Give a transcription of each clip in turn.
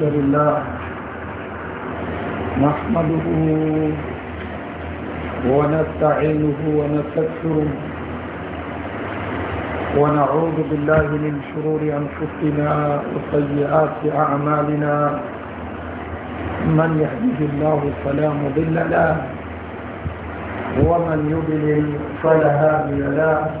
الحمد لله نحمده ونستعينه ونستكثره ونعوذ بالله من شرور أنفسنا وسيئات أعمالنا من يهديه الله فلا مضل له ومن يضلل فلا هادي له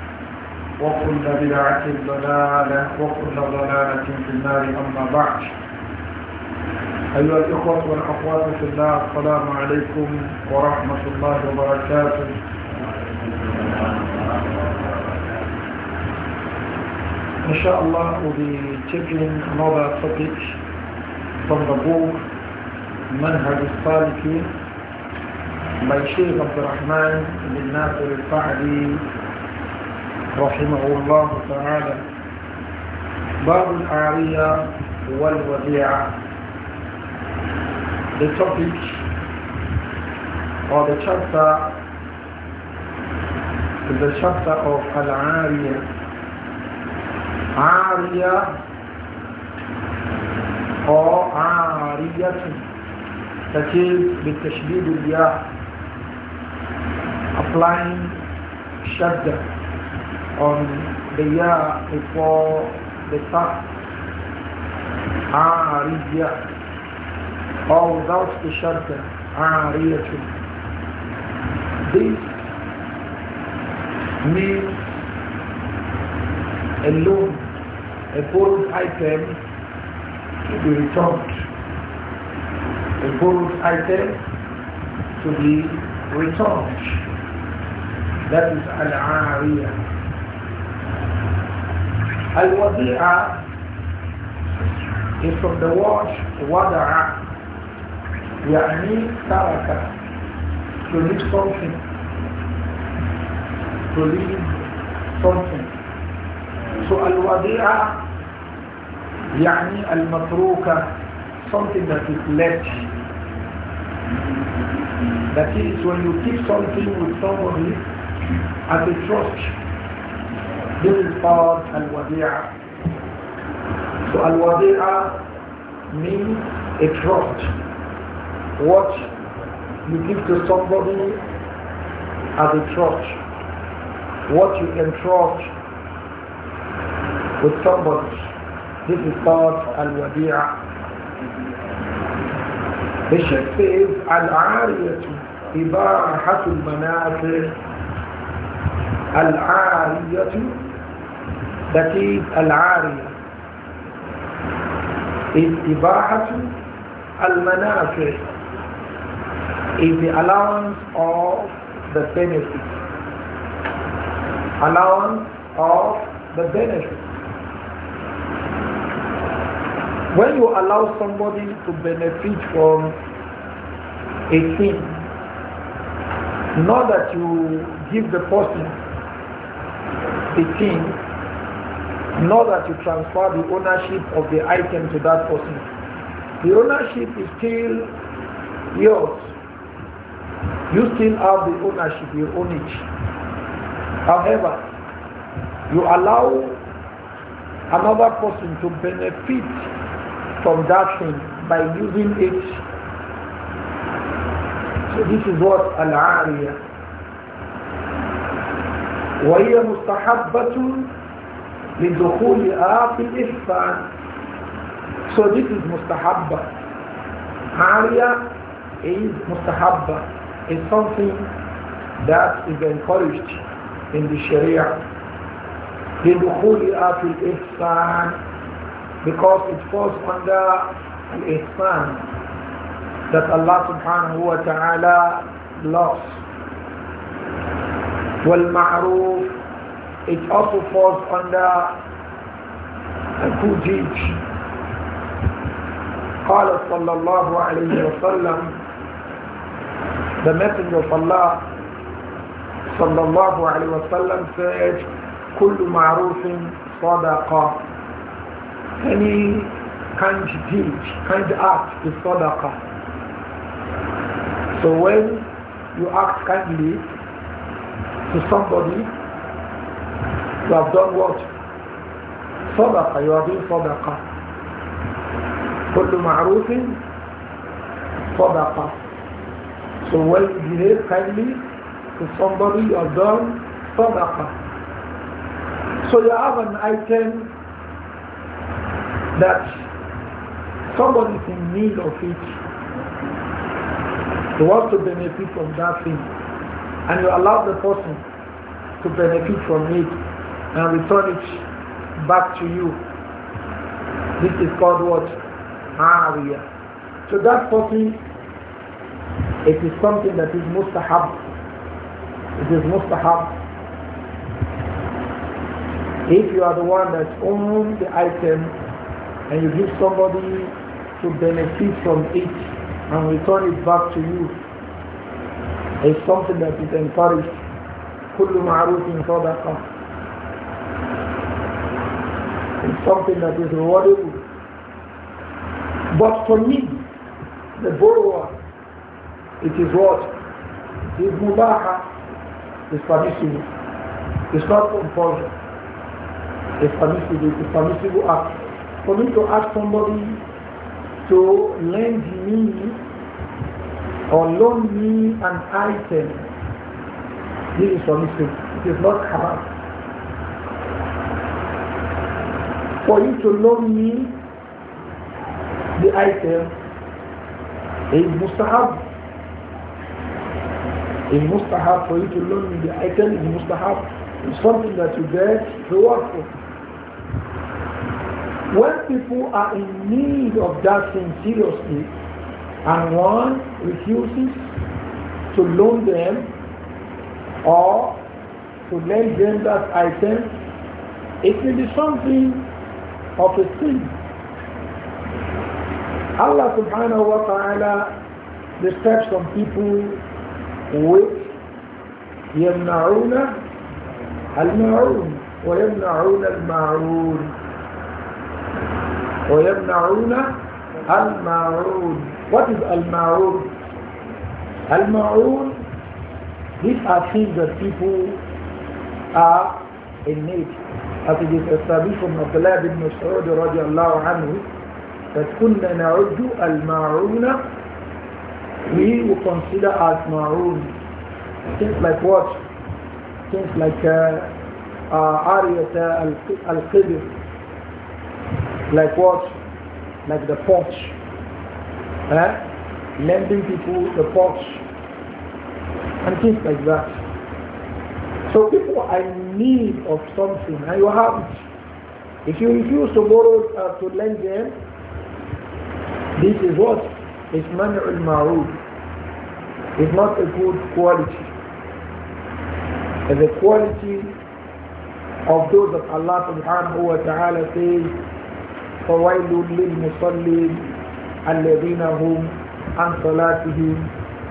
وكل بدعة ضلالة وكل ضلالة في النار أما بعد أيها الإخوة والأخوات في الله السلام عليكم ورحمة الله وبركاته إن شاء الله we'll be taking another topic from the book منهج السالكين by Sheikh Abdul بن ناصر الفعلي رحمه الله تعالى باب العارية والوديعة The topic or the chapter the chapter of العارية عارية or Ariyatun that is بالتشديد الياء applying shadda on the year before the tax عارية أو ضغط شرطة عارية This means a loan, a borrowed item to be returned. A borrowed item to be returned. That is al-ariyah. Al-Wadi'a is from the word Wada'a. يعني ترك to leave something to leave something so الوديعة يعني المتروكة something that is left that is when you keep something with somebody as a trust this is called al-wadi'ah. So al-wadi'ah means a trust. What you give to somebody as a trust. What you entrust with somebody. This is called al-wadi'ah. This is says, Al-Ariyatu Ibahatu al-Manafir Al-Ariyatu that is al-ariya is ibahatu al-manafi is the allowance of the benefit allowance of the benefit when you allow somebody to benefit from a thing not that you give the person the thing not that you transfer the ownership of the item to that person. The ownership is still yours. You still have the ownership, you own it. However, you allow another person to benefit from that thing by using it. So this is what al ariya وهي مستحبة لدخولها في الإحسان So this is mustahabba. Aria is mustahabba. It's something that is encouraged in the Sharia. لدخولها في الإحسان because it falls under the ihsan that Allah subhanahu wa ta'ala loves. والمعروف it also falls under Kujij. قال صلى الله عليه وسلم The Messenger of Allah صلى الله عليه وسلم said كل معروف صدقة Any kind deed, kind act is صدقة So when you act kindly to somebody you have done what? صدقة you are doing صدقة كل معروف صدقة so when you behave kindly to somebody you have done صدقة so you have an item that somebody is in need of it you want to benefit from that thing and you allow the person to benefit from it and return it back to you. This is called what? Aria. So that person, it is something that is mustahab. It is mustahab. If you are the one that owns the item and you give somebody to benefit from it and return it back to you, it's something that is encouraged. كل معروف صدقه something that is rewardable. But for me, the borrower, it is what? It is mubaha, it's permissible. It's not compulsion. It's permissible, it's permissible act. For me to ask somebody to lend me or loan me an item, this is permissible. It is not haram. for you to loan me the item is mustahab. must mustahab for you to loan me the item is mustahab. It's something that you get reward for. When people are in need of that thing seriously, and one refuses to loan them or to lend them that item, it will be something of a sin. Allah subhanahu wa ta'ala describes some people with يمنعون الماعون ويمنعون الماعون ويمنعون الماعون What is الماعون? الماعون These are things that people are in need as it is established from Abdullah ibn Mas'ud radiallahu anhu that kunna na'uddu al we will consider as ma'un things like what? things like uh, uh, al-qibir like what? like the porch eh? lending people the porch and things like that so people are in need of something and you have it. If you refuse to borrow, uh, to lend them, this is what? It's man'ul ma'ruf. It's not a good quality. It's a quality of those that Allah subhanahu wa ta'ala says, فَوَيْلٌ لِلْمُصَلِّينَ الَّذِينَ هُمْ عَنْ صَلَاتِهِمْ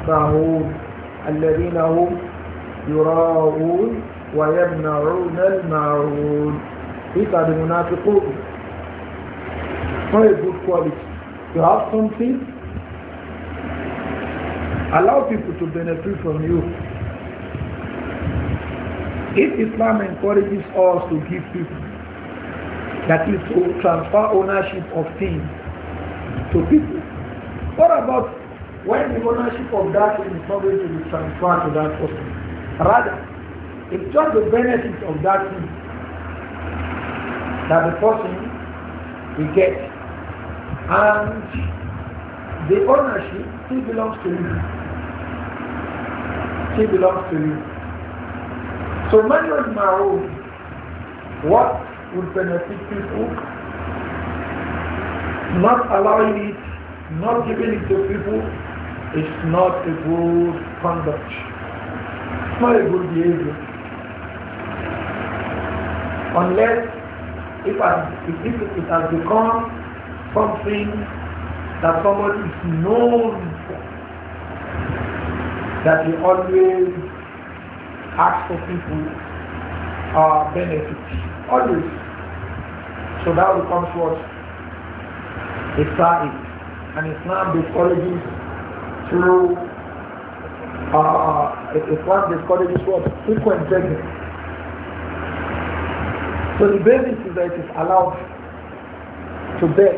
سَاهُونَ الَّذِينَ هُمْ يراؤون ويمنعون الماعون These are the Not a good quality. You have something, allow people to benefit from you. If Islam encourages us to give people, that is to transfer ownership of things to people, what about when the ownership of that is not going to be transferred to that person? Rather, it's just the benefit of that thing that the person will get. And the ownership still belongs to you. Still belongs to you. So my on my own, what would benefit people? Not allowing it, not giving it to people, is not a good conduct not a good behavior. Unless if, if it has become something that somebody is known for, that he always asks for people uh, benefits Always. So that becomes what? It's Islam. And Islam discourages through uh, it. It is what? Frequent begging. So the basis is that it is allowed to beg,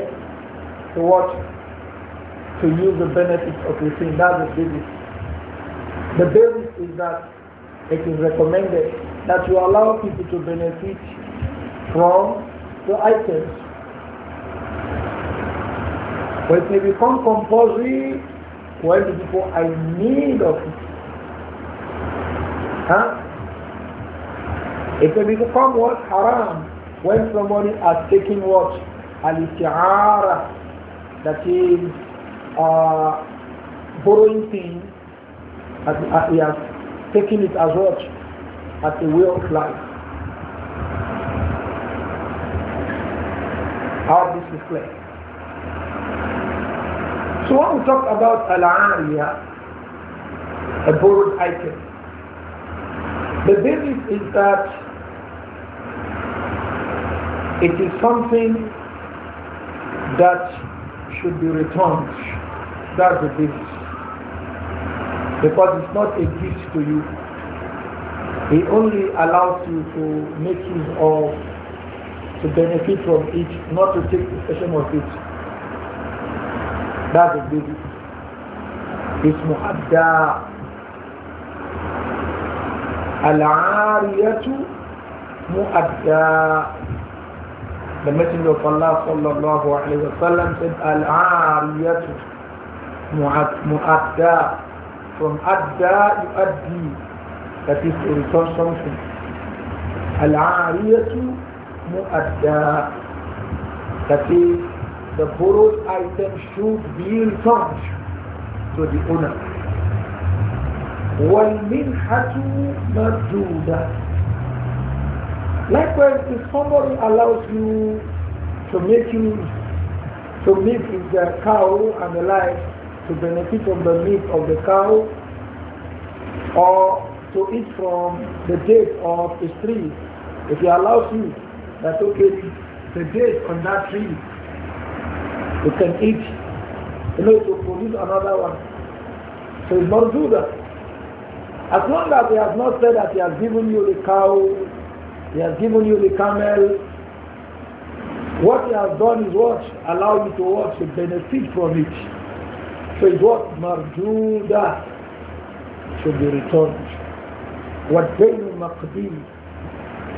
to what? To use the benefits of the thing. That's the basis. The basis is that it is recommended that you allow people to benefit from the items. But it may become compulsory when the people are in need of it. Huh? It will become what? Haram. When somebody is taking what? Al-Isti'ara. That is uh, borrowing things. He has taken it as what? As a way of life. How this is clear. So when we talk about Al-Ariya, a borrowed item, the basis is that it is something that should be returned. That's the basis. Because it's not a gift to you. He only allows you to make use of, to benefit from it, not to take possession of it. That's the basis. It's muhaddah. العارية مؤدى لما تنجو الله صلى الله عليه وسلم تبقى العارية مؤدى from أدى يؤدي that is to return something العارية مؤدى that is the borrowed item should be returned to the owner وَالْمِنْحَةُ مَرْدُودَةً Likewise, if somebody allows you to make you to meet with the cow and the life to benefit from the meat of the cow or to eat from the date of the tree. If he allows you, that's okay. The date on that tree, you can eat, you know, to produce another one. So it's not do that. As long as he has not said that he has given you the cow, he has given you the camel, what he has done is what? Allow you to watch the benefit from it. So it's what? Marjuda should be returned. What Bainu Maqdi.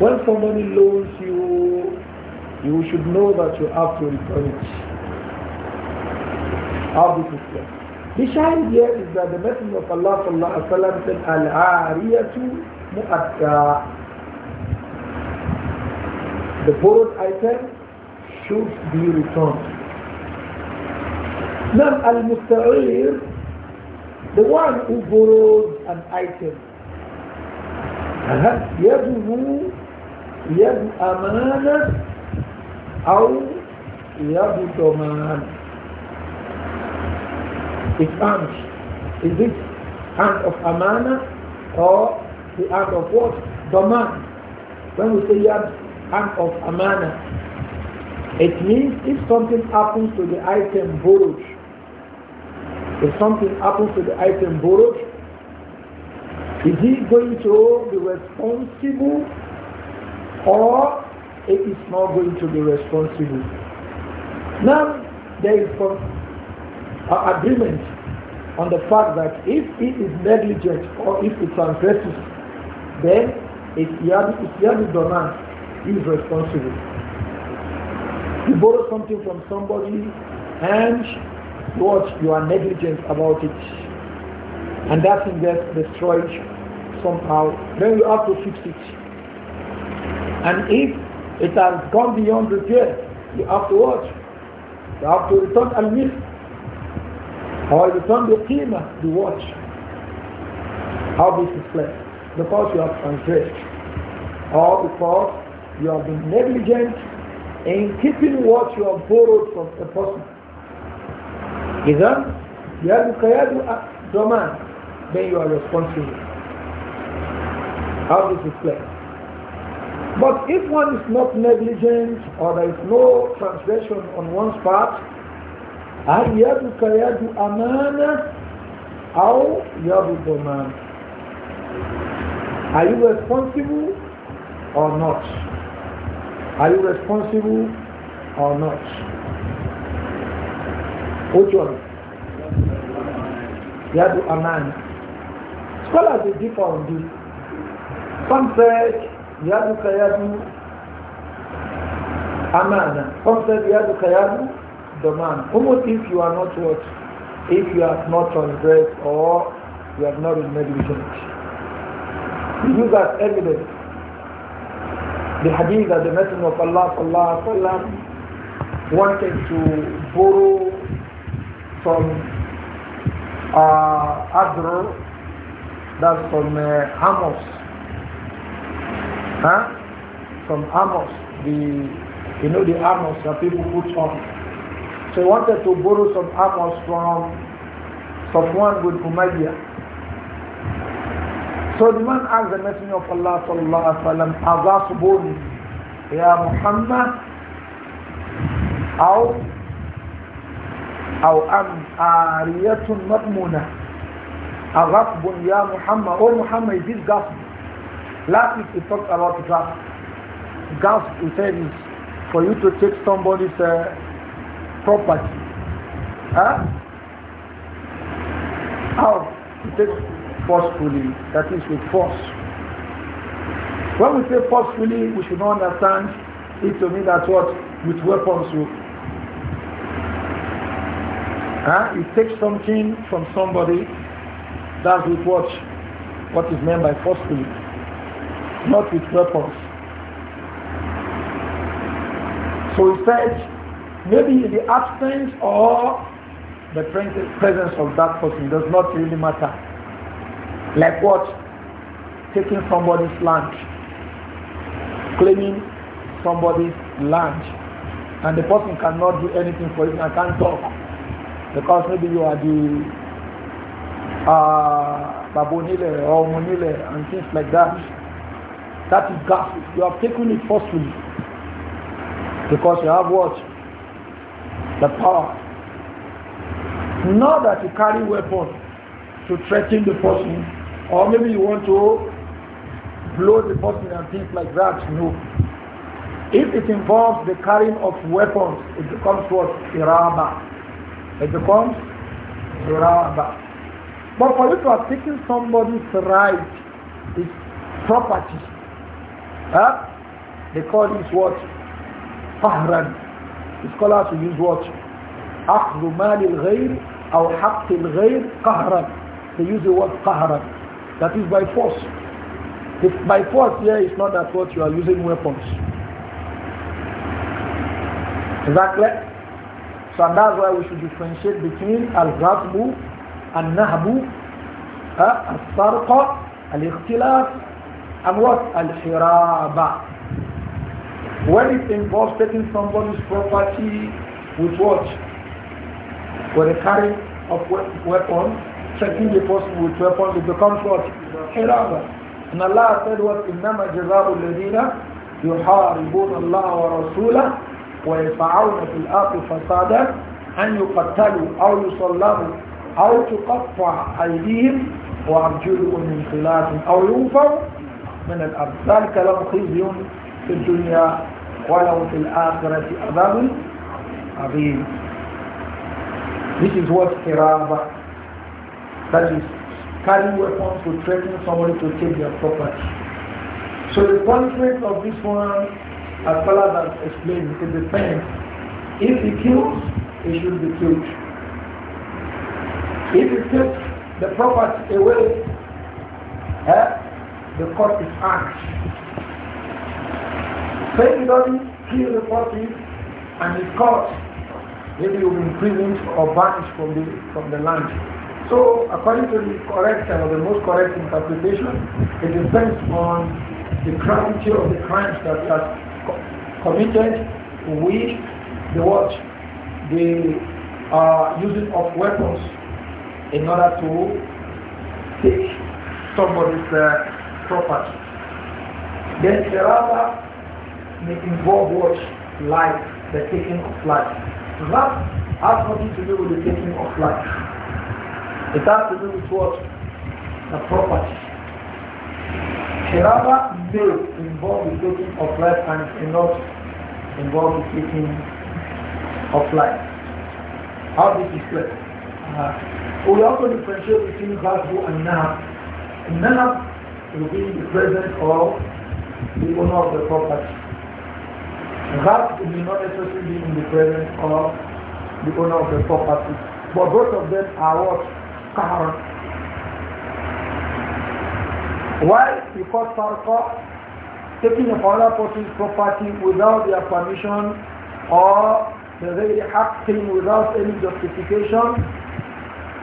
When somebody loans you, you should know that you have to return it. How do you the shahid here is that the Messenger of Allah sallallahu said, "Al-ariyatu mu'atta." The borrowed item should be returned. Now, al-musta'ir, the one who borrowed an item, يده يد أمانة أو يد ضمان is armed. Is this hand of amana or the arm of what? Doman. When we say hand of amana, it means if something happens to the item borrowed, if something happens to the item borrowed, is he going to be responsible or it is not going to be responsible? Now, there is uh, agreement on the fact that if it is negligent or if it transgresses, then Isyadu Donan is responsible. You borrow something from somebody and what you are negligent about it. And that thing gets destroyed somehow. Then you have to fix it. And if it has gone beyond repair, you have to watch. You have to return and miss or it becomes the qima, you watch. How this is played, Because you have transgressed. Or because you have been negligent in keeping what you have borrowed from a person. إذا يجب a زمان then you are responsible. How this is played. But if one is not negligent or there is no transgression on one's part, هل يدك يد أمانة أو يد ضمان Are you responsible or not? Are you responsible or not? Which one? Yadu Amana. Scholars will differ on this. Some said Yadu Kayadu Amana. Some said Yadu Kayadu the man. Almost if you are not what? If you have not transgressed or you have not been negligent. You use that evidence. The hadith that the Messenger of Allah sallallahu alaihi wasallam wanted to borrow from uh, Adr, that's from uh, Amos. Huh? From Amos, the you know the Amos that people put on so he wanted to borrow some armors from Safwan with Umayyah. So the man asked the Messenger of Allah sallallahu alaihi wasallam, "Azasubun, ya Muhammad, أو أو أم عارية مضمونة أغصب ya Muhammad أو oh Muhammad this gospel last week we talked about gospel gospel we said is for you to take somebody's uh, property. Huh? How? To take forcefully, that is with force. When we say forcefully, we should not understand it to mean that what? With weapons. Huh? You take something from somebody, that's with what? What is meant by forcefully. Not with weapons. So he said, Maybe the absence or the presence of that person does not really matter. Like what? Taking somebody's lunch, claiming somebody's lunch, and the person cannot do anything for it and can't talk because maybe you are the uh, babonile or monile and things like that. That is gossip. You have taken it forcefully because you have what? the power. Not that you carry weapons to threaten the person, or maybe you want to blow the person and things like that. No. If it involves the carrying of weapons, it becomes what? Iraba. It becomes Iraba. But for you to have taken somebody's right, his property, huh? they call this what? Fahran. The scholars will use what? أخذ مال الغير أو حق الغير قهرا. They use the word قهرا. That is by force. If by force here not that what you are using weapons. Exactly. So that's why we should differentiate between al-ghazbu, al-nahbu, al al and what? al when it involves taking somebody's property with what? With a carry of weapon, taking the person with weapon, it becomes what? Hiraba. And Allah said what? إِنَّمَا جَزَاءُ الَّذِينَ يُحَارِبُونَ wa وَرَسُولَهُ وَيَسْعَوْنَ فِي الْأَرْضِ فَسَادًا أَنْ يُقَتَّلُوا أَوْ يُصَلَّبُوا أَوْ تُقَطَّعَ أَيْدِيهِمْ وأرجلهم من خلاف أو ينفوا من الأرض ذلك لهم خزي في الدنيا وَلَهُمْ فِي الْآخِرَةِ عَذَابٌ عَظِيمٌ This is what Kiraba, that is, carrying weapons to threaten somebody to take their property. So the punishment of this one, as Salah has explained, it depends. If he kills, he should be killed. If he takes the property away, eh, the court is asked so if he does kill the party and is caught, maybe he will be imprisoned or banished from the, from the land. So according to the correct or uh, the most correct interpretation, it depends on the gravity of the crimes that are co committed with the what? The uh, using of weapons in order to take somebody's uh, property. Then there are may involve Life, the taking of life. That has nothing to do with the taking of life. It has to do with what? The property. Shiraba may involve the taking of life and cannot involve the taking of life. How this is clear? Uh, we also differentiate between Ghazbu and Nahab. Nahab will be the present of the owner of the property. That may not necessarily be in the presence of the owner of the property. But both of them are what? Kahar. Why? Because Farqa taking a another person's property without their permission or the very acting without any justification,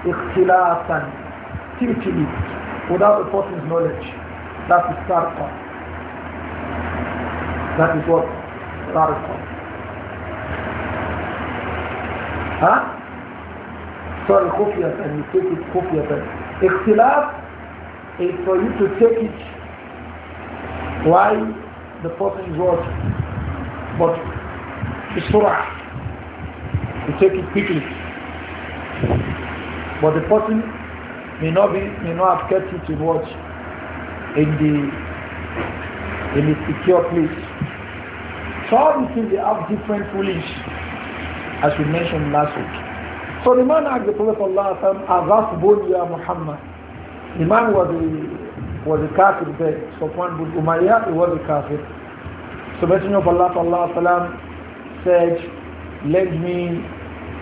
ikhtilafan, it without the person's knowledge. That is theft. That is what not responsible. ها صار خفية and you take it خفية اختلاف is for you to take it while the person is watching but بسرعة you take it quickly but the person may not be may not have kept it to watch in the in the secure place all these things they have different rulings, as we mentioned last week. So the man asked the Prophet Allah, Azafbun ya Muhammad. The man was a, was a kafir there, Sofwan bin Umayyah, he was a kafir. So Messenger of Allah sallam, said, lend me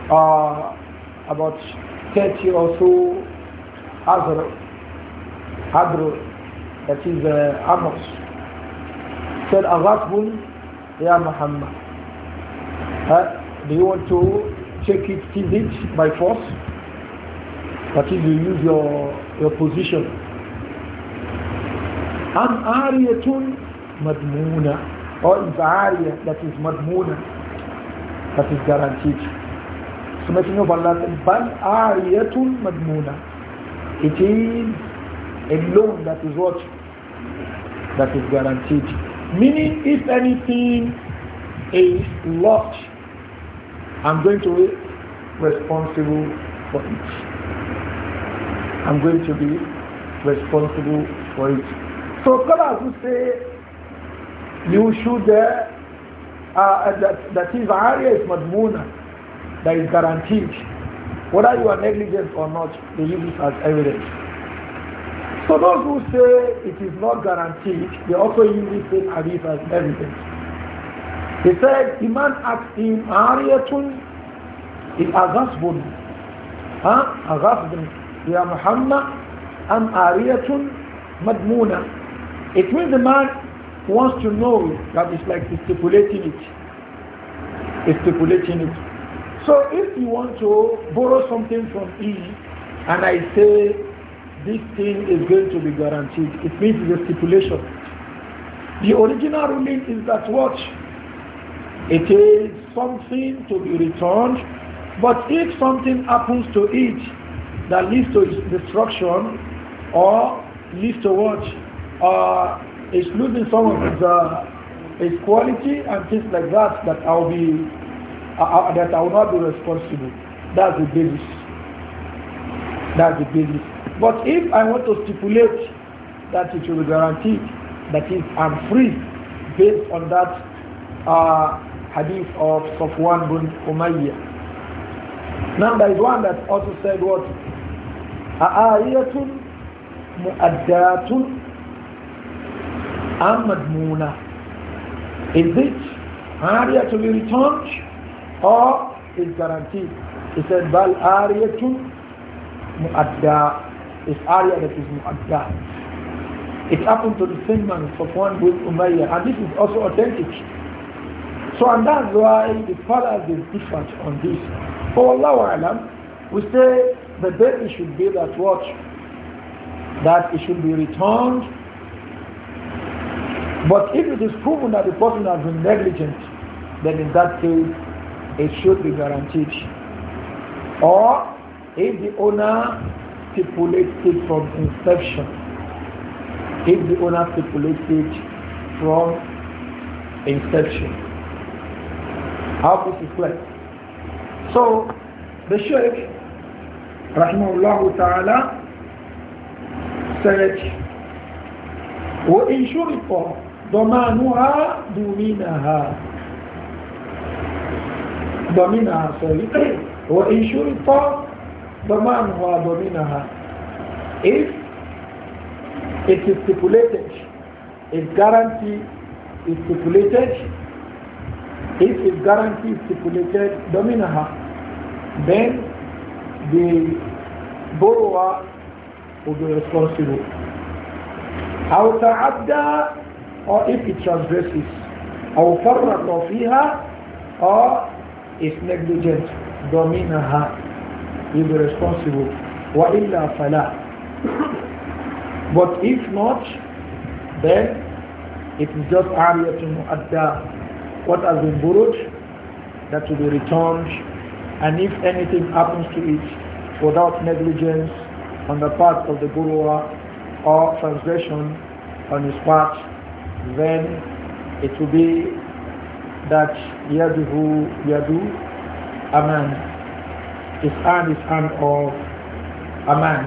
uh, about 30 or so Azra, Adro, that is uh, Amos. Said, Azafbun Ya Muhammad, huh? do you want to check it, seize it by force? That is, you use your, your position. Am ariyatun madmuna, or is ariya that is madmuna, that is guaranteed. So Messenger of Allah said, Bal ariyatun madmuna. It is a loan that is what? That is guaranteed. Meaning, if anything is lost, I'm going to be responsible for it. I'm going to be responsible for it. So scholars who say you should, uh, uh, uh that, that is area is madmuna, that is guaranteed. Whether you are negligent or not, they use it as evidence. So those who say it is not guaranteed, they also use the same hadith as evidence. He said, the man asked him, Ariyatun is Aghasbun. Huh? Aghasbun. Ya Muhammad, am Ariyatun Madmuna. It means the man wants to know that it's like stipulating it. stipulating it. So if you want to borrow something from E, and I say, this thing is going to be guaranteed. It means the stipulation. The original ruling is that what? It is something to be returned, but if something happens to it that leads to its destruction or leads to what? Uh, it's losing some of its, uh, its quality and things like that that I'll be uh, uh that I will not be responsible. That's the basis. That's the basis. But if I want to stipulate that it will be guaranteed, that is, I'm free based on that uh, hadith of Safwan bin Umayyah. Now there is one that also said what? A'ayatun mu'addatun amadmuna. Is it area to be returned or is guaranteed? He said, Bal ariyatun mu'adda is area that is mu'addah. It happened to the same man, Safwan bin Umayyah, and this is also authentic. So and that's why the fathers is different on this. For Allah alam, we say the baby should be that watch, that it should be returned. But if it is proven that the person has been negligent, then in that case, it should be guaranteed. Or if the owner stipulates it from inception, if the owner stipulates it from inception. How this is clear. So the Sheikh, Rahimahullah Ta'ala, said, وإن شرط ضمانها دونها ضمنها sorry وإن شرط the man who abominaha. If it is stipulated, if guarantee is stipulated, if its guarantee is stipulated, dominaha, then the borrower will be responsible. أو تعدى or if it transgresses أو فرط فيها or is negligent dominaha you will be responsible. وَإِلَّا فَلَا But if not, then it is just ariyatun mu'adda. What has been borrowed, that will be returned. And if anything happens to it without negligence on the part of the borrower or transgression on his part, then it will be that yaduhu yadu aman his hand is hand of a man.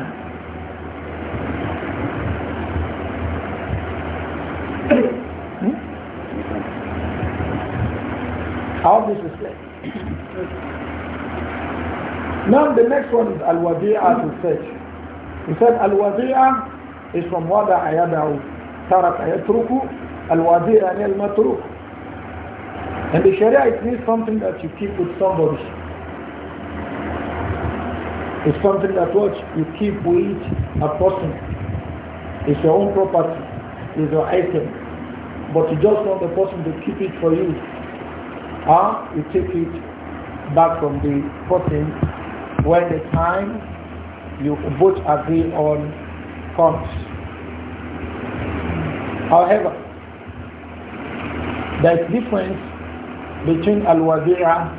How hmm? this is said. now the next one is Al-Wadi'a to said, He said Al-Wadi'a is from Wada Ayadahu. Tarak Ayatruku. Al-Wadi'a al-Matruk. And the Sharia it means something that you keep with somebody. It's something that what you keep with a person. It's your own property. It's your item. But you just want the person to keep it for you. Or you take it back from the person when the time you both agree on comes. However, there is difference between al wadira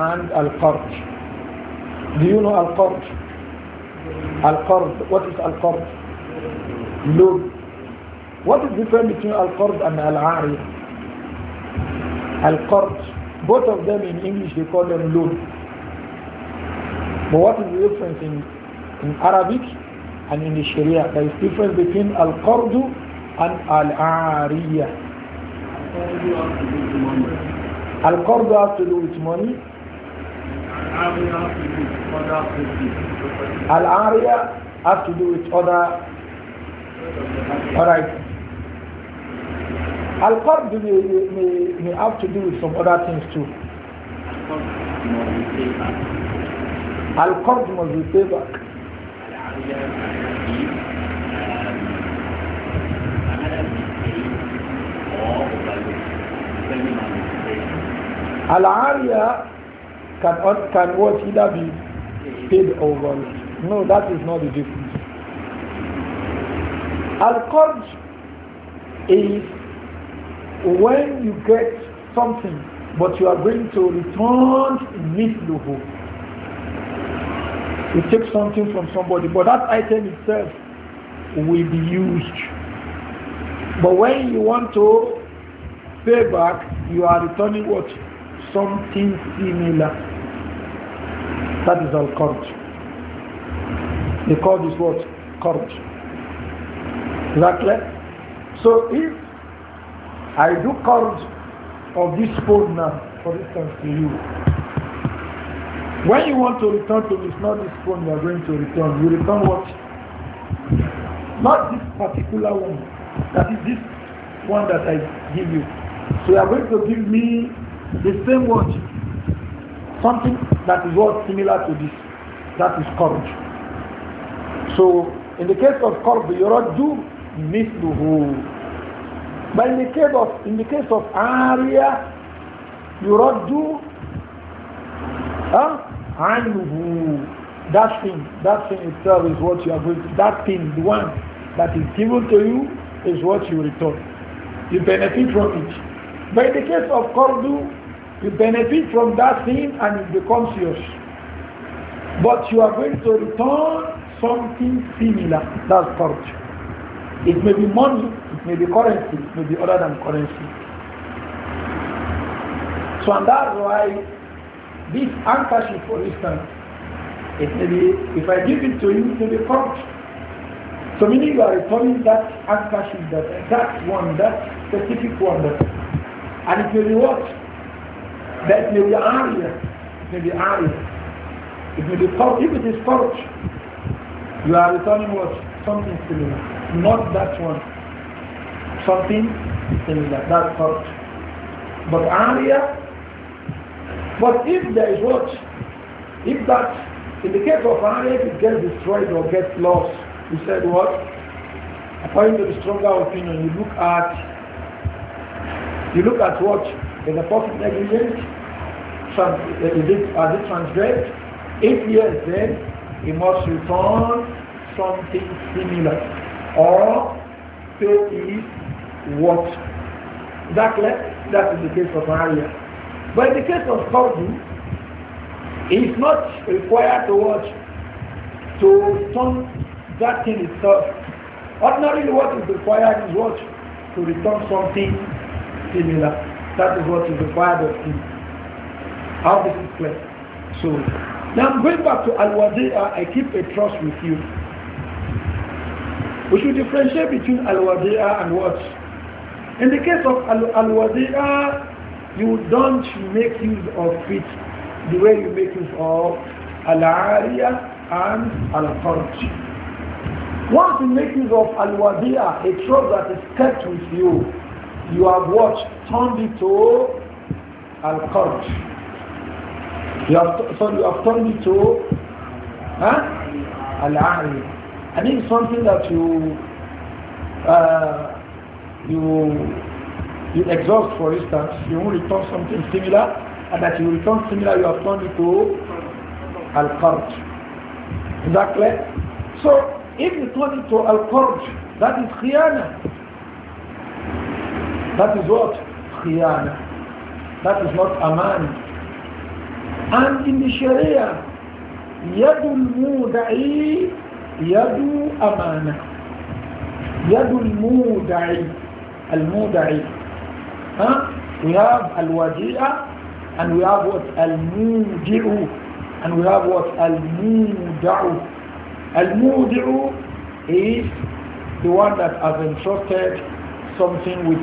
and al qarj do you know Al-Qard? Al-Qard, what is Al-Qard? Loan. What is the difference between Al-Qard and Al-Ari? Al-Qard, both of them in English they call them loan. But what is the difference in, in Arabic and in the Sharia? There is difference between Al-Qard and Al-Ariyah. Al-Qard has to do with money Al-Ariya has to do with other... Alright. Al-Qard may, may, may have to do with some other things too. Al-Qard must be paid back. Al-Ariya can, can what either be paid or No, that is not the difference. al is when you get something but you are going to return misluhu. You take something from somebody but that item itself will be used. But when you want to pay back, you are returning what? Something similar. That is al-qard. The qard is what? Qard. Exactly. So if I do qard of this phone now, for instance, to you, when you want to return to me, it's not this phone you are going to return. You return what? Not this particular one. That is this one that I give you. So you are going to give me the same watch Something that is what similar to this. That is courage. So in the case of miss the مثله but in the case of in the case of Arya, Yuraddu huh? Anhu. That thing, that thing itself is what you are going to that thing, the one that is given to you is what you return. You benefit from it. But in the case of Kordu, you benefit from that thing and it becomes yours. But you are going to return something similar. That's torture. It may be money, it may be currency, it may be other than currency. So and that's why this handkerchief, for instance, it may be, if I give it to you, it may be corrupt. So meaning you are returning that handkerchief, that, that one, that specific one, that, and it may be that may be Arya. It may be Arya. It may be Torch. If it is Torch, you are returning what? Something similar. Not that one. Something similar. that Torch. But Arya, but if there is what? If that in the case of Arya, if it gets destroyed or gets lost, you said what? According to the stronger opinion, you look at you look at what in the person negligent? Trans uh, is it, transgressed? If yes, then he must return something similar or pay is what. That, that is the case of Maria. But in the case of Saudi, he is not required to watch to return that thing itself. Ordinarily what is required is what? To return something similar. That is what is required of him. How this is clear. So now I'm going back to Al-Wadi'a, uh, I keep a trust with you. We should differentiate between Al-Wadi'a uh, and what? In the case of Al-Wadi'a, uh, you don't make use of it the way you make use of Al-Ariya and Al-Farj. Once you make use of al-wadi'a, a trust that is kept with you, you have watched turned it to Al-Qurj. You have, sorry, you have turned it to huh? Al-Ahli. I mean, something that you uh, you you exhaust for instance, you will return something similar and that you return similar you have turned it to Al-Qurj. Is that clear? So if you turn it to Al-Qurj, that is khiyana. That is what? khiyana. That is not aman. And in the Sharia, yadul muda'i yadu amana. Yadul muda'i. Al-muda'i. Huh? We have al-waji'a and we have what? Al-mudi'u. And we have what? Al-muda'u. Al-mudi'u is the one that has entrusted something with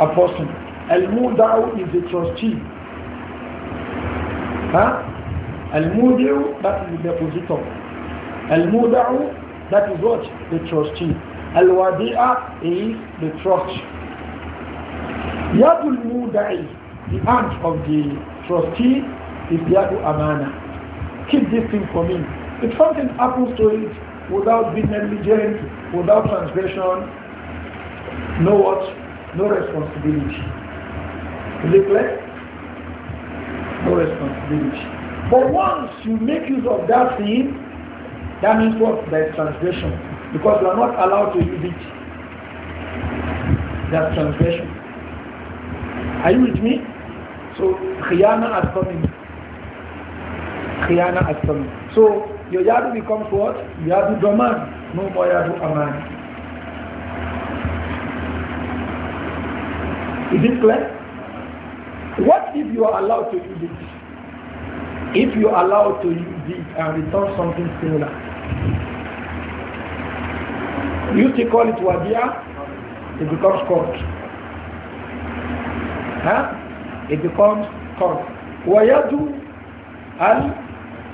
a person. Al-Muda'u is the trustee. Huh? Al-Mudi'u, is the depositor. Al-Muda'u, that is what? The trustee. Al-Wadi'a is the trust. Yadul Muda'i, the aunt of the trustee, is Yadu Amana. Keep this thing for me. If something happens to it without being negligent, without transgression, no what? No responsibility. Is it clear? No responsibility. But once you make use of that thing, that means what? That is transgression. Because you are not allowed to use it. That's transgression. Are you with me? So, khiyana has come in. Khiyana has come in. So, your yadu becomes what? Yadu daman. No more yadu aman. Is it clear? What if you are allowed to use it? If you are allowed to use it and return something similar. You used to call it wadia, it becomes court. Huh? It becomes court. ويد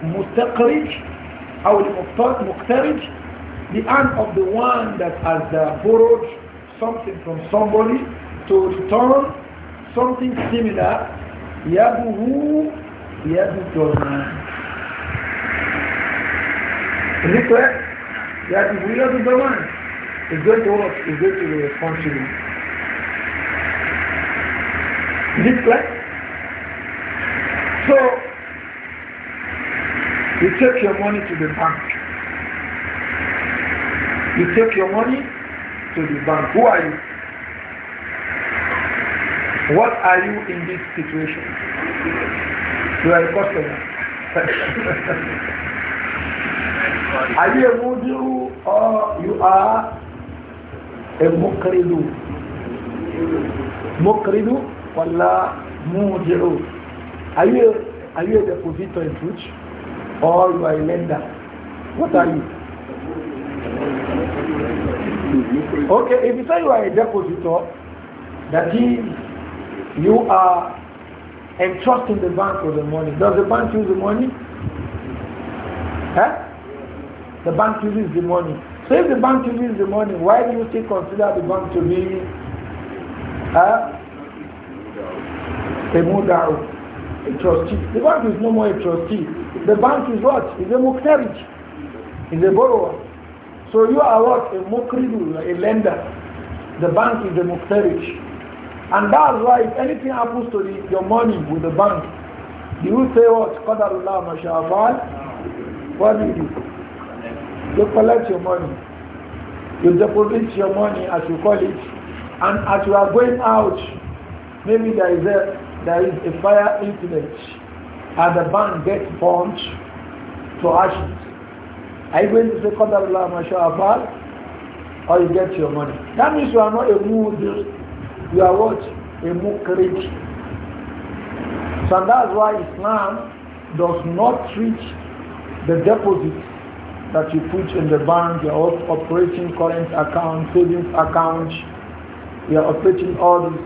المستقرج أو المقترج the hand of the one that has uh, borrowed something from somebody to return something similar yaduhu yadudona is it correct yaduhu yadudona is going to what is going to be responsible is it correct so you take your money to the bank you take your money to the bank who are you What are you in this situation? You are a customer. are you a mudu or you are a mukridu? Mukridu wala mudiru. Are you, are you a depositor in truth or you are a lender? What are you? Okay, if you say you are a depositor, that is you are entrusting the bank with the money. Does the bank use the money? Huh? The bank uses the money. So if the bank uses the money, why do you still consider the bank to be huh? a mudar, a trustee? The bank is no more a trustee. The bank is what? It's a mukterij. It's a borrower. So you are what? A mukridu, a lender. The bank is a mukterij. And that's why if anything happens to the, your money with the bank, you will say what? Qadarullah masha'afal. What do you do? You collect your money. You deposit your money as you call it. And as you are going out, maybe there is a, there is a fire incident and the bank gets burnt to ashes. Are you going to say Qadarullah masha'afal? Or you get your money. That means you are not a mood you are what? A mukrij. So that's why Islam does not treat the deposit that you put in the bank, your operating current account, savings account, your operating all these,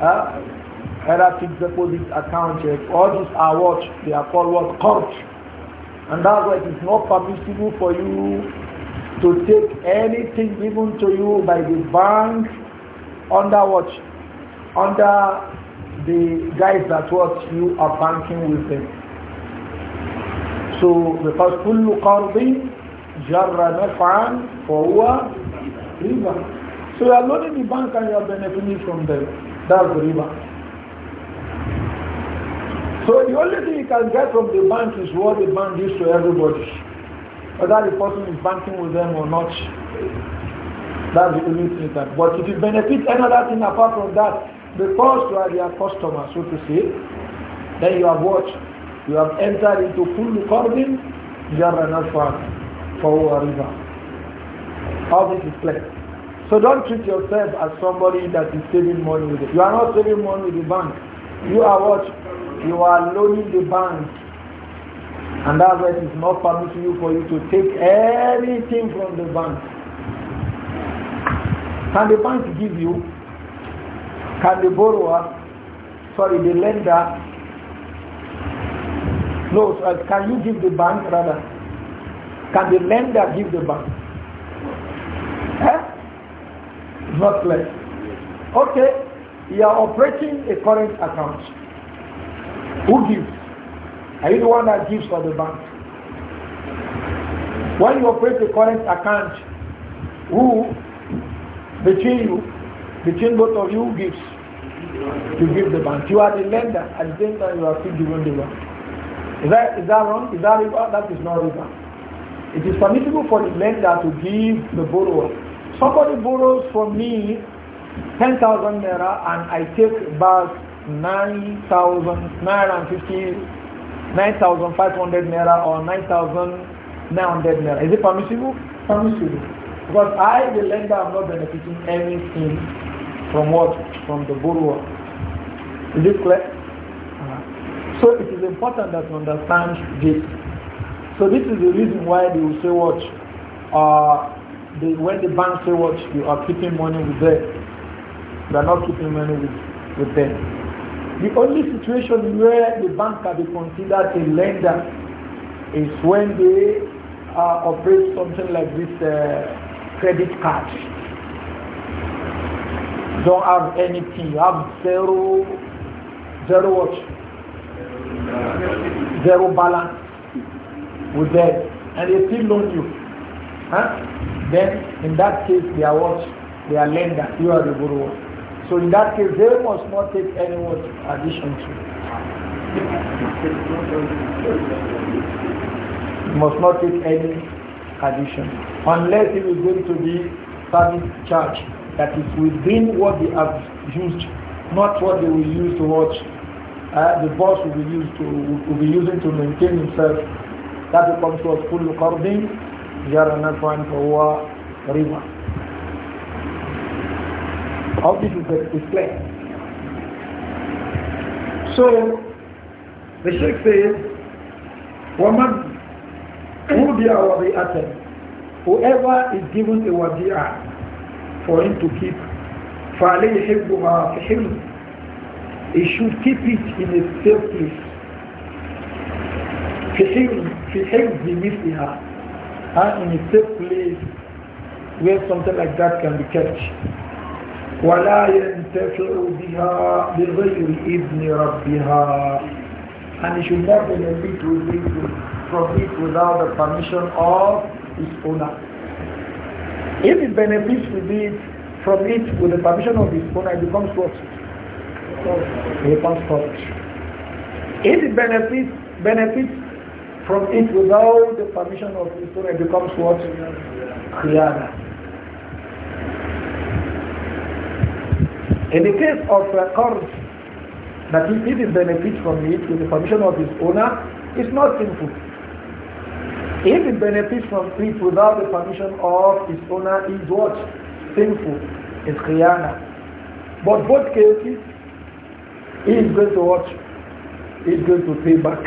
uh, either deposit account, all these are what? They are called what? Court. And that's why it is not permissible for you to take anything given to you by the bank under what? Under the guys that what you are banking with them. So because كل قرض jarra نفعا فهو riba. So you are loading the bank and you are benefiting from them. That's the riba. So the only thing you can get from the bank is what the bank gives to everybody. Whether the person is banking with them or not. That's the thing that. But if you benefit another thing apart from that, because you are their customer, so to say, then you have what? You have entered into full recording, jarra nafan, fawwa river. All this is clear. So don't treat yourself as somebody that is saving money with it. You are not saving money with the bank. You are what? You are loaning the bank. And that's why it is not permitting you for you to take anything from the bank. Can the bank give you? Can the borrower, sorry, the lender, no, sorry, can you give the bank rather? Can the lender give the bank? Eh? Not less. Okay, you are operating a current account. Who gives? Are you the one that gives for the bank? When you operate a current account, who between you, between both of you gives. You give the bank. You are the lender. At the same time, you are still giving the bank. Is that, is that wrong? Is that riba? That is not wrong? It is permissible for the lender to give the borrower. Somebody borrows from me 10,000 naira and I take back 9,000, 9,500 naira or 9,900 naira. Is it permissible? Permissible. Because I, the lender, am not benefiting anything from what? From the borrower. Is it clear? Uh, so it is important that you understand this. So this is the reason why they will say what? Uh, they, when the bank say what? You are keeping money with them. You are not keeping money with, with them. The only situation where the bank can be considered a lender is when they uh, operate something like this uh, credit card. Don't have anything. You have zero, zero what? Zero balance with that, And they still loan you. Huh? Then in that case they are what? They are lender. You are the borrower. So in that case they must not take any what addition to. You must not take any addition unless it is going to be service charge that is within what they have used not what they will use to watch uh, the boss will be used to will be using to maintain himself that becomes what full recording yaranafan fawa river how this is explained so the sheikh says Wadi'a wadi'atan. Whoever is given a wadi'a for him to keep, فَعَلَيْهِ حِبُّهَا فِحِمْ He should keep it in a safe place. فِحِمْ فِحِمْ بِمِثْلِهَا and in a safe place where something like that can be kept. وَلَا يَنْتَفِعُ بِهَا بِغَيْرِ إِذْنِ رَبِّهَا And he should not benefit with it from it without the permission of its owner. If it benefits with it, from it with the permission of its owner, it becomes what? becomes If it benefits, benefits from it without the permission of its owner, it becomes what? Khiyana. In the case of a corpse, that if it benefits from it with the permission of its owner, it's not sinful. If it benefits from it without the permission of its owner is what? Sinful. It's khiyana. But both cases, he is going to watch. He is going to pay back.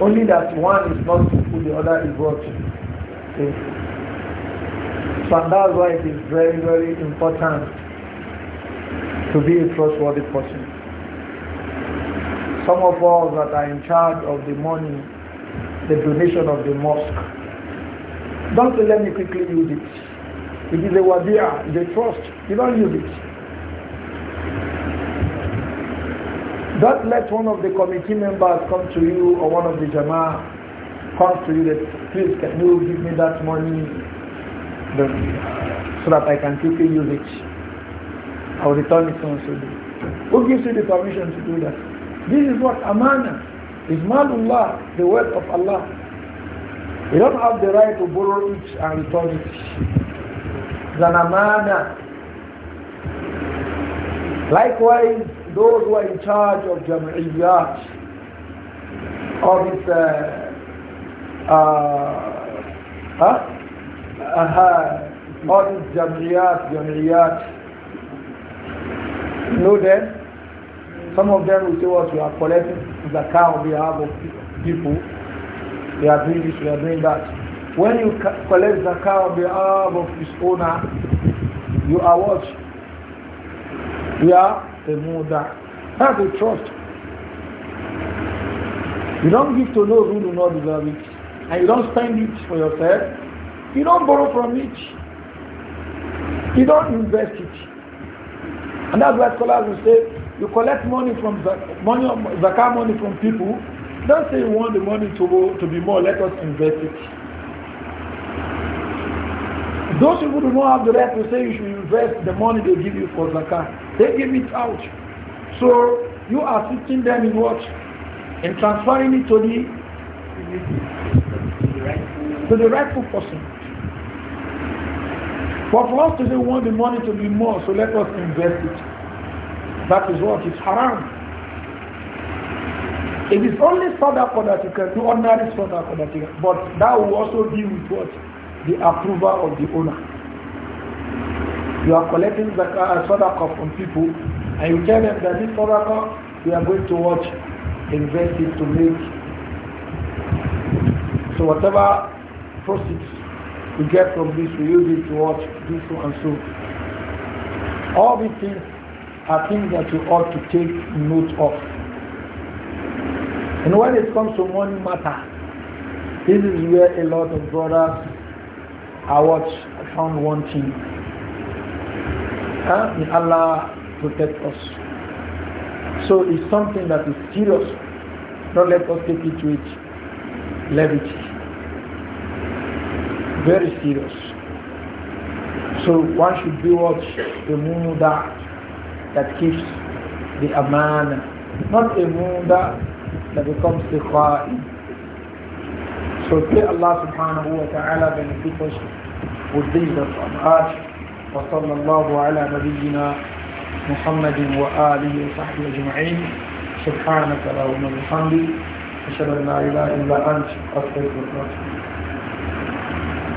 Only that one is not sinful, the other is what? Sinful. So that's why it is very, very important to be a trustworthy person. Some of us that are in charge of the money the donation of the mosque. Don't let me quickly use it. It is a wadia, the trust. You don't use it. Don't let one of the committee members come to you or one of the jama'ah comes to you that, please, can you give me that money so that I can quickly use it. I will return it soon. Who gives you the permission to do that? This is what amana. It's malullah, the word of Allah. You don't have the right to borrow it and return it. It's Likewise, those who are in charge of jam'iyyat, of its, uh, uh, huh? uh, all these jam'iyyat, jam'iyyat, know them? Some of them will say what you are collecting zakah on behalf of people. They are doing this, they are doing that. When you collect zakah on behalf of its owner, you are what? You are a mother. That's a trust. You don't give to those who do not deserve it. And you don't spend it for yourself. You don't borrow from it. You don't invest it. And that's why scholars will say you collect money from money, zakah money from people. Don't say you want the money to to be more. Let us invest it. Those people do not have the right to say you should invest the money they give you for zakah. They give it out. So you are assisting them in what? In transferring it to the to the rightful person. But for us to say we want the money to be more, so let us invest it. That is what is haram. It is only sadaqah that you can do, ordinary sadaqah that you can, but that will also deal with what? The approval of the owner. You are collecting zakah, uh, sadaqah from people and you tell them that this sadaqah we are going to watch, invest it to make. So whatever proceeds we get from this, we use it to watch, do so and so. All these things are things that you ought to take note of. And when it comes to money matter, this is where a lot of brothers are what found wanting. Huh? May Allah protect us. So it's something that is serious. Don't let us take it with levity. Very serious. So one should be what the moon that that keeps the aman, not a munda that becomes the kha'in. So pray Allah subhanahu wa ta'ala benefit us with these that on earth. وصلى الله على نبينا محمد وآله وصحبه أجمعين سبحانك اللهم وبحمدك أشهد أن لا إله إلا أنت أستغفرك وأتوب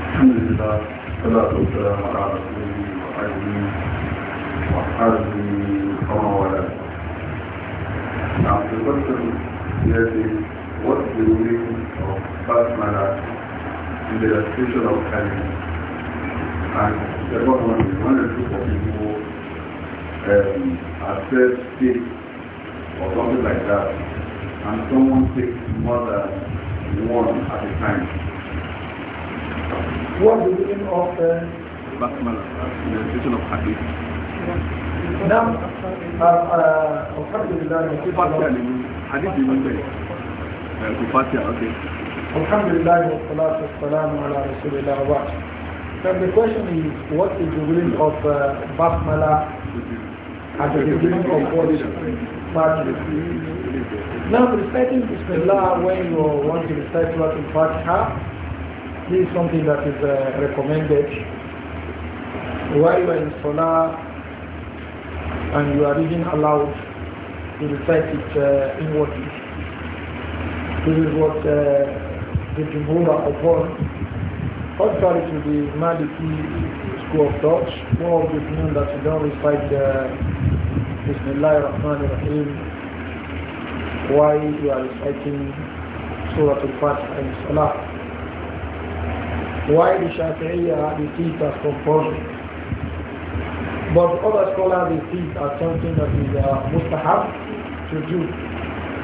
الحمد لله والصلاة والسلام على رسول الله وعلى آله وأصحابه now the question here is, what the meaning of bad in the situation of kindness? And the second one group of people um, are or something like that, and someone takes more than one at a time, what the meaning of uh, bad in the situation of kindness? نعم الحمد لله الحمد لله والصلاة والسلام على رسول الله وبعد Then the question is, what is the ruling of uh, Basmala at the beginning of what Fatiha? Now, reciting Bismillah when you want to recite what in Fatiha, this is something that is uh, recommended. While you are in Salah, and you are reading aloud, to recite it uh, inwardly. This is what uh, the Jumhur are upon. Contrary to the Maliki school of thought, more of the opinion that you don't recite uh, Bismillah Rahman Rahim why you are reciting Surah Al-Fatiha in Salah. Why the Shafi'iyah the as compulsory? But other scholars they see it as something that is uh, mustahab to do.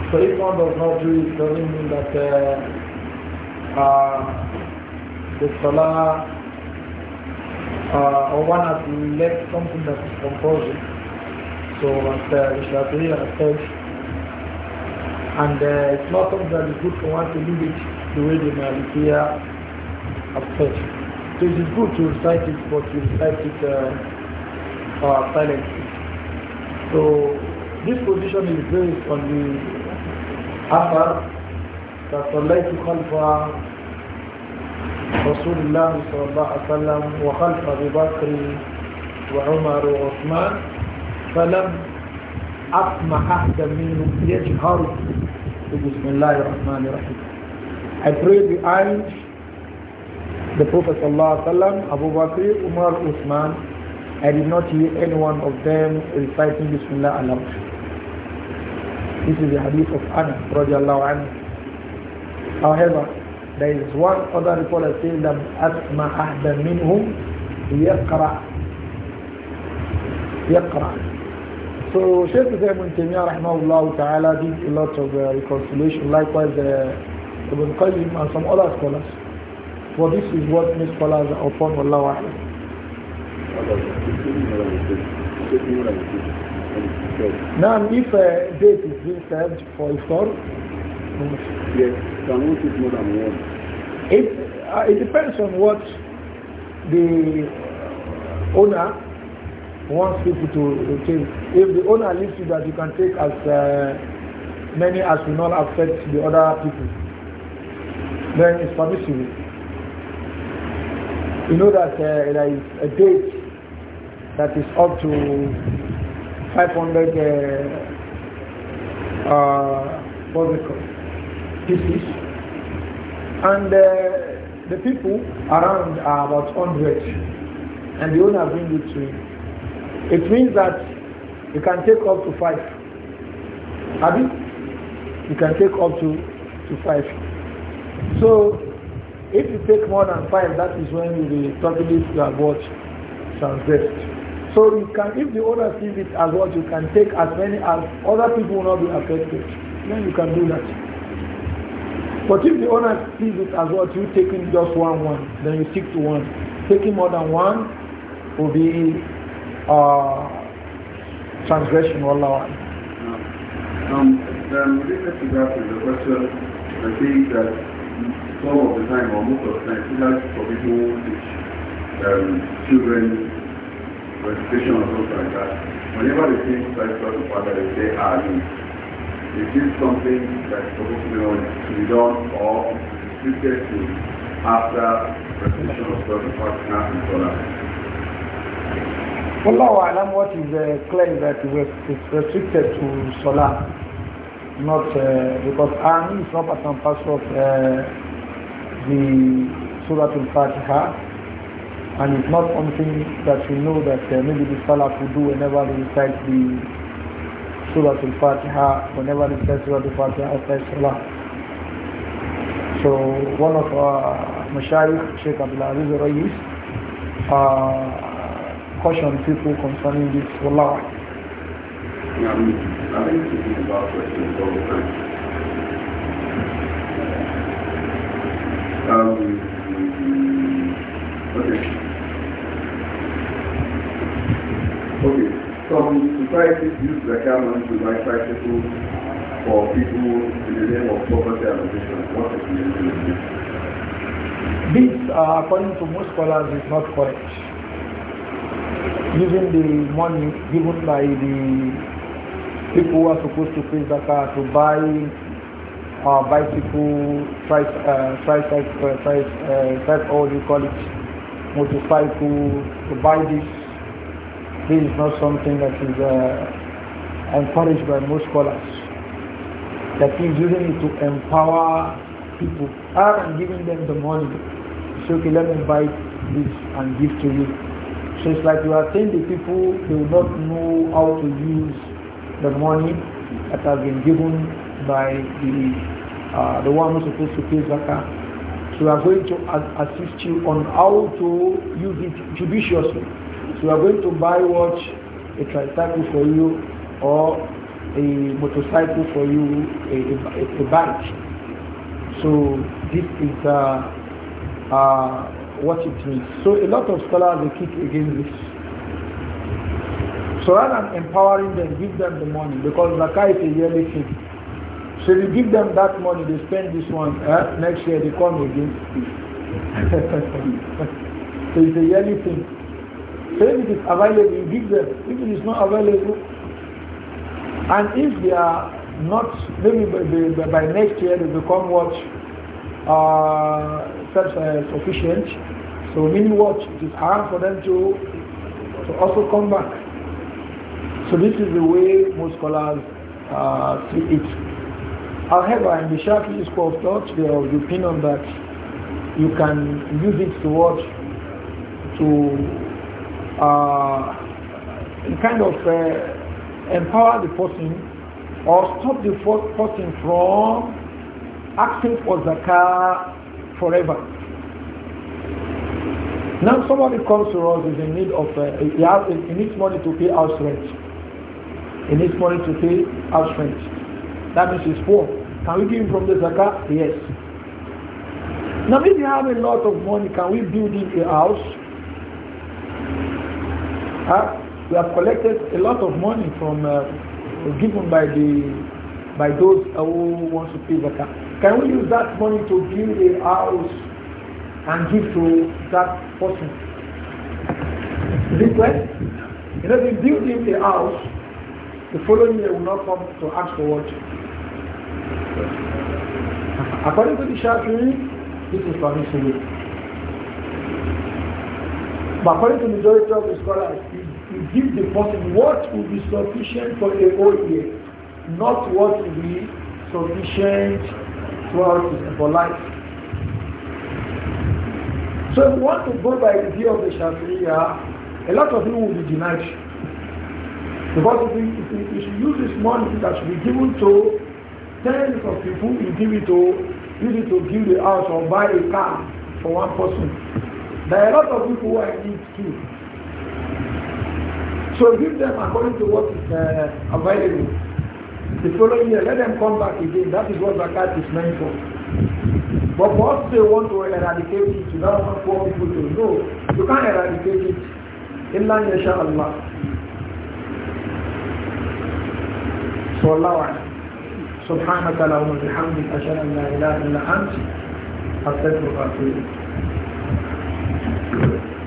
So if one does not do it, doesn't mean that uh, uh, the scholar uh, or one has left something that is compulsory. So as uh, Shafi'i said, and uh, it's not something that is good for one to leave it the way the Malikiya have So it is good to recite it, but you recite it uh, for our silence. So this position is based on the Afar that صليت خلف رسول الله صلى الله عليه وسلم وخلف أبي بكر وعمر وعثمان فلم أسمع أحدا منهم يجهر بسم الله الرحمن الرحيم I pray behind the Prophet صلى الله عليه وسلم Abu Bakr, Umar, Uthman I did not hear any one of them reciting Bismillah aloud. This is the hadith of Anas radiallahu anhu. However, there is one other report that says that أسمع أحدا منهم يقرأ يقرأ so Shaykh Ibn Taymiyyah rahimahullah ta'ala did a lot of uh, reconciliation, likewise uh, Ibn Qayyim and some other scholars. For this is what these scholars are upon, Allah. Now, if a date is being served for iftar, yes, can we more than one? It uh, it depends on what the owner wants people to take. If the owner leaves you that you can take as uh, many as will not affect the other people, then it's permissible. You know that uh, there is a date that is up to 500 uh, uh, pieces. And uh, the people around are about 100 and the owner brings it to him. It means that you can take up to five. Abi, you can take up to, to five. So if you take more than five, that is when you will totally you have transgressed. So you can, if the owner sees it as what you can take as many as other people will not be affected, then you can do that. But if the owner sees it as what you taking just one one, then you stick to one. Taking more than one will be uh, transgression or law. Um, um, with respect to that, the question, I think that some of the time, or most of the time, it's like for people to teach um, children restitution or ah, something like that, whenever they see Christ the Father, they say, ah, you. They give something that's supposed to be, done, to be done or restricted to after restitution of God the Father and so on. Wallahu alam, what is uh, claim that it's restricted to solar, not uh, because Ani is not part and of uh, the solar to fatiha and it's not something that we know that uh, maybe the Salaf will do whenever they recite the Surah Al-Fatiha, whenever they recite Surah Al-Fatiha after Salah. So one of our Mashayikh, Sheikh Abdul Aziz Rayis, uh, cautioned people concerning this salah. Yeah, I mean, I've been thinking about questions all the time. Um, okay. Okay, some societies use zakat to buy bicycles for people in the name of poverty and addiction. What is the meaning This, uh, according to most scholars, is not correct. Using the money given by the people who are supposed to pay zakat to buy uh, bicycle, tricycle, uh, tricycle, tri uh, uh, you call it, motorcycle, to buy this this is not something that is uh, encouraged by most scholars. That he's using it to empower people. Ah, I'm giving them the money. It's okay, let me buy this and give to you. So it's like you are saying the people do not know how to use the money that has been given by the uh, the one who's supposed to pay zakah. So we are going to assist you on how to use it judiciously. So you are going to buy watch, a tricycle for you, or a motorcycle for you, a, a, a bike. So this is uh, uh, what it means. So a lot of scholars they kick against this. So rather than empowering them, give them the money because Zakah is a yearly thing. So you give them that money, they spend this one, eh? next year they come again. so it's a yearly thing. So if it is available, you give them. If it is not available, and if they are not, maybe by, by, by next year they become what? Uh, self-sufficient. So meaning what? It is hard for them to, to also come back. So this is the way most scholars uh, see it. However, in the Shafi school of thought, they are opinion that you can use it to watch, to uh, kind of uh, empower the person or stop the person from asking for zakah forever. Now somebody comes to us is in need of, uh, he, has, he needs money to pay house rent. He needs money to pay house rent. That means he's poor. Can we give him from the zakah? Yes. Now if you have a lot of money, can we build him a house? we have collected a lot of money from uh, given by the by those who want to pay car. Can we use that money to build a house and give to that person? Is it You know, if build him house, the following year will not come to ask for what. According to the Shafi'i, this is permissible. But according to the majority of the scholars, give the person what will be sufficient for a whole year, not what will be sufficient throughout his for life. So if you want to go by the view of the Sharia, a lot of you will be denied. Because if you, if you, if you use this money that should be given to tens of people, you give it to, use it to give the house or buy a car for one person. There are a lot of people who are in need too. So give them according to what is uh, available. The following year, let them come back again. That is what zakat is meant for. But us they want to eradicate it, you don't want poor people to know. You can't eradicate it. Illa Allah. So Allah سبحانك اللهم وبحمدك أشهد أن لا إله إلا أنت أستغفرك وأتوب إليك